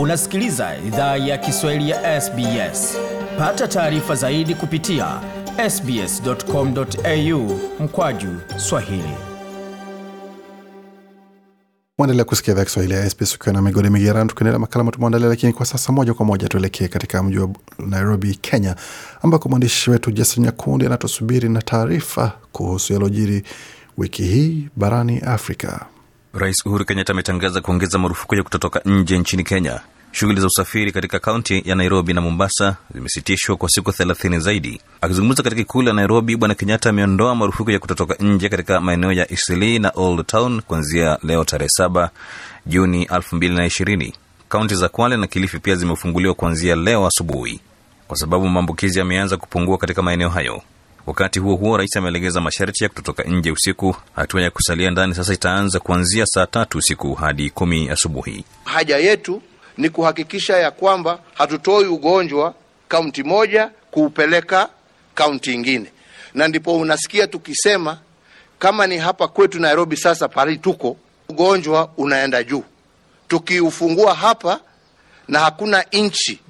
Unasikiliza idhaa ya Kiswahili ya SBS. Pata taarifa zaidi kupitia sbs.com.au mkwaju swahili. mwendelea kusikia idhaa Kiswahili ya SBS ukiwa na migodi migeran tukiendelea makala matumeandalia. Lakini kwa sasa, moja kwa moja tuelekee katika mji wa Nairobi, Kenya, ambako mwandishi wetu Jason Nyakundi anatusubiri na taarifa kuhusu yalojiri wiki hii barani Afrika. Rais Uhuru Kenyatta ametangaza kuongeza marufuku ya kutotoka nje nchini Kenya Shughuli za usafiri katika kaunti ya Nairobi na Mombasa zimesitishwa kwa siku thelathini zaidi. Akizungumza katika ikulu ya Nairobi, Bwana Kenyatta ameondoa marufuku ya kutotoka nje katika maeneo ya isli na Old Town kuanzia leo tarehe saba Juni elfu Kaunti za Kwale na Kilifi pia zimefunguliwa kuanzia leo asubuhi kwa sababu maambukizi yameanza kupungua katika maeneo hayo. Wakati huo huo, rais amelegeza masharti ya kutotoka nje usiku. Hatua ya kusalia ndani sasa itaanza kuanzia saa tatu usiku hadi kumi asubuhi. Haja yetu ni kuhakikisha ya kwamba hatutoi ugonjwa kaunti moja kuupeleka kaunti ingine, na ndipo unasikia tukisema kama ni hapa kwetu Nairobi, sasa pari tuko ugonjwa unaenda juu, tukiufungua hapa, na hakuna nchi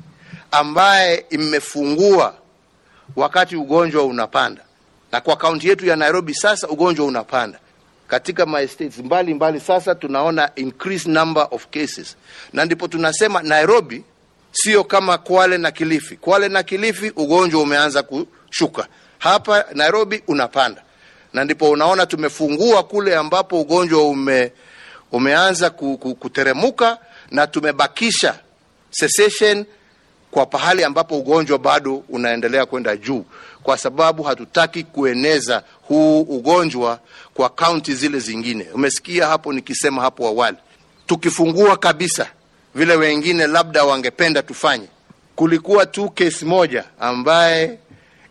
ambaye imefungua wakati ugonjwa unapanda, na kwa kaunti yetu ya Nairobi sasa ugonjwa unapanda katika ma mbali mbali. Sasa tunaona increase number of cases, na ndipo tunasema Nairobi sio kama Kwale na Kilifi. Kwale na Kilifi ugonjwa umeanza kushuka, hapa Nairobi unapanda, na ndipo unaona tumefungua kule ambapo ugonjwa ume, umeanza kuteremuka na tumebakisha cessation kwa pahali ambapo ugonjwa bado unaendelea kwenda juu, kwa sababu hatutaki kueneza huu ugonjwa kwa kaunti zile zingine. Umesikia hapo nikisema hapo awali, tukifungua kabisa vile wengine labda wangependa tufanye. Kulikuwa tu kesi moja ambaye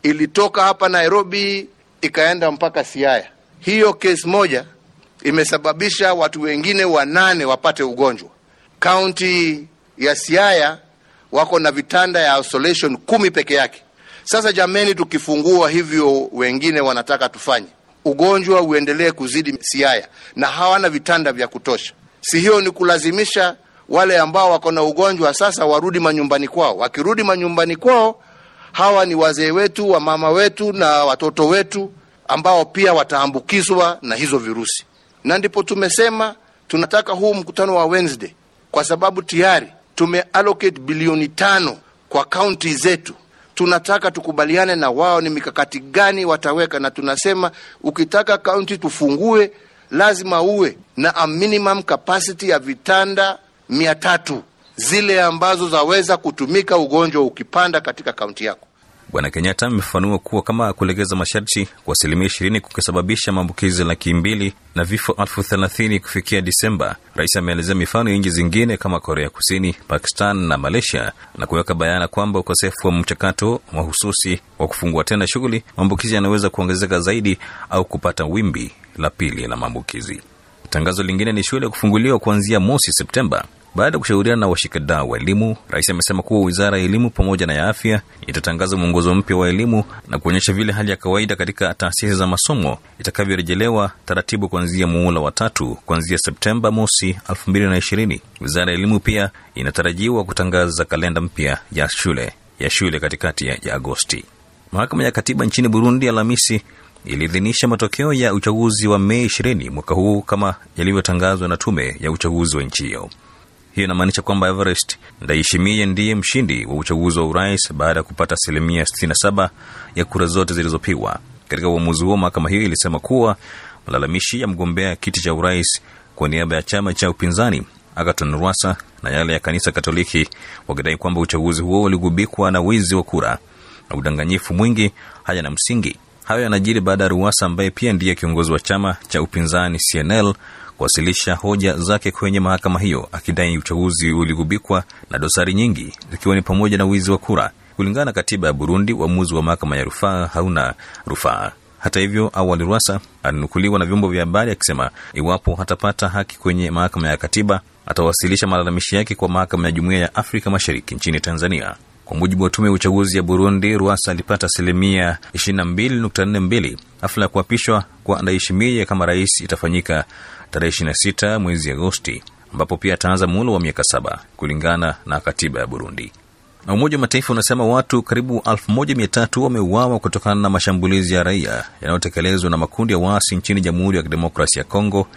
ilitoka hapa Nairobi ikaenda mpaka Siaya. Hiyo kesi moja imesababisha watu wengine wanane wapate ugonjwa. Kaunti ya Siaya wako na vitanda ya isolation kumi peke yake. Sasa jameni, tukifungua hivyo, wengine wanataka tufanye ugonjwa uendelee kuzidi siaya, na hawana vitanda vya kutosha. Si hiyo ni kulazimisha wale ambao wako na ugonjwa sasa warudi manyumbani kwao. Wakirudi manyumbani kwao, hawa ni wazee wetu, wamama wetu na watoto wetu ambao pia wataambukizwa na hizo virusi, na ndipo tumesema tunataka huu mkutano wa Wednesday, kwa sababu tayari tumeallocate bilioni tano kwa kaunti zetu tunataka tukubaliane na wao ni mikakati gani wataweka, na tunasema ukitaka kaunti tufungue lazima uwe na a minimum capacity ya vitanda mia tatu zile ambazo zaweza kutumika ugonjwa ukipanda katika kaunti yako. Bwana Kenyatta amefafanua kuwa kama kulegeza masharti kwa asilimia ishirini kukisababisha maambukizi laki mbili na vifo elfu thelathini kufikia Disemba. Rais ameelezea mifano ya zingine kama Korea Kusini, Pakistan na Malaysia na kuweka bayana kwamba ukosefu wa mchakato mahususi wa kufungua tena shughuli, maambukizi yanaweza kuongezeka zaidi au kupata wimbi la pili la maambukizi. Tangazo lingine ni shule kufunguliwa kuanzia mosi Septemba. Baada ya kushauriana na washikadau wa elimu, rais amesema kuwa wizara ya elimu pamoja na ya afya itatangaza mwongozo mpya wa elimu na kuonyesha vile hali ya kawaida katika taasisi za masomo itakavyorejelewa taratibu kuanzia muhula wa tatu kuanzia Septemba mosi elfu na ishirini. Wizara ya elimu pia inatarajiwa kutangaza kalenda mpya ya shule ya shule katikati ya Agosti. Mahakama ya Katiba nchini Burundi Alhamisi iliidhinisha matokeo ya uchaguzi wa Mei ishirini mwaka huu kama yalivyotangazwa na tume ya uchaguzi wa nchi hiyo. Hiyo inamaanisha kwamba Everest Ndayishimiye ndiye mshindi wa uchaguzi wa urais baada ya kupata asilimia 67 ya kura zote zilizopigwa. Katika uamuzi huo, mahakama hiyo ilisema kuwa malalamishi ya mgombea kiti cha urais kwa niaba ya chama cha upinzani Agaton Rwasa na yale ya kanisa Katoliki wakidai kwamba uchaguzi huo uligubikwa na wizi wa kura na udanganyifu mwingi haya na msingi. Hayo yanajiri baada ya ruasa ambaye pia ndiye kiongozi wa chama cha upinzani CNL kuwasilisha hoja zake kwenye mahakama hiyo akidai uchaguzi uligubikwa na dosari nyingi zikiwa ni pamoja na wizi wa kura. Kulingana na katiba ya Burundi, uamuzi wa mahakama ya rufaa hauna rufaa. Hata hivyo, awali Rwasa alinukuliwa na vyombo vya habari akisema iwapo hatapata haki kwenye mahakama ya katiba atawasilisha malalamishi yake kwa mahakama ya Jumuiya ya Afrika Mashariki nchini Tanzania. Kwa mujibu wa tume ya uchaguzi ya Burundi, ruasa alipata asilimia 22.42. Hafla ya kuapishwa kwa Ndayishimiye kama rais itafanyika tarehe 26 mwezi Agosti, ambapo pia ataanza muhula wa miaka saba kulingana na katiba ya Burundi. Na Umoja wa Mataifa unasema watu karibu 1300 wameuawa kutokana na mashambulizi ya raia yanayotekelezwa na makundi ya waasi nchini Jamhuri ya Kidemokrasia ya Kongo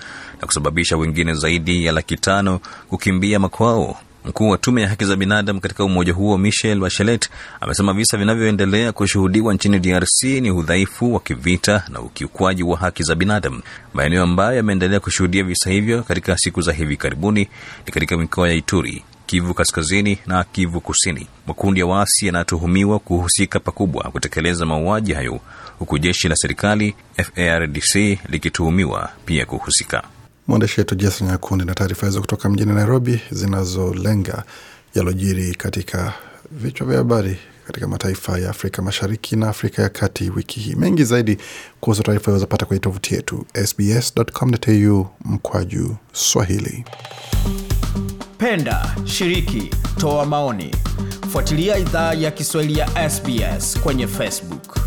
na kusababisha wengine zaidi ya laki tano kukimbia makwao. Mkuu wa tume ya haki za binadamu katika umoja huo Michel Bachelet amesema visa vinavyoendelea kushuhudiwa nchini DRC ni udhaifu wa kivita na ukiukwaji wa haki za binadamu. Maeneo ambayo yameendelea kushuhudia visa hivyo katika siku za hivi karibuni ni katika mikoa ya Ituri, Kivu Kaskazini na Kivu Kusini. Makundi ya waasi yanatuhumiwa kuhusika pakubwa kutekeleza mauaji hayo, huku jeshi la serikali frdc likituhumiwa pia kuhusika. Mwandishi wetu Jason Nyakundi na taarifa hizo kutoka mjini Nairobi zinazolenga yalojiri katika vichwa vya habari katika mataifa ya Afrika Mashariki na Afrika ya Kati wiki hii. Mengi zaidi kuhusu taarifa hiyo zapata kwenye tovuti yetu sbs.com.au mkwaju Swahili. Penda, shiriki, toa maoni, fuatilia idhaa ya Kiswahili ya SBS kwenye Facebook.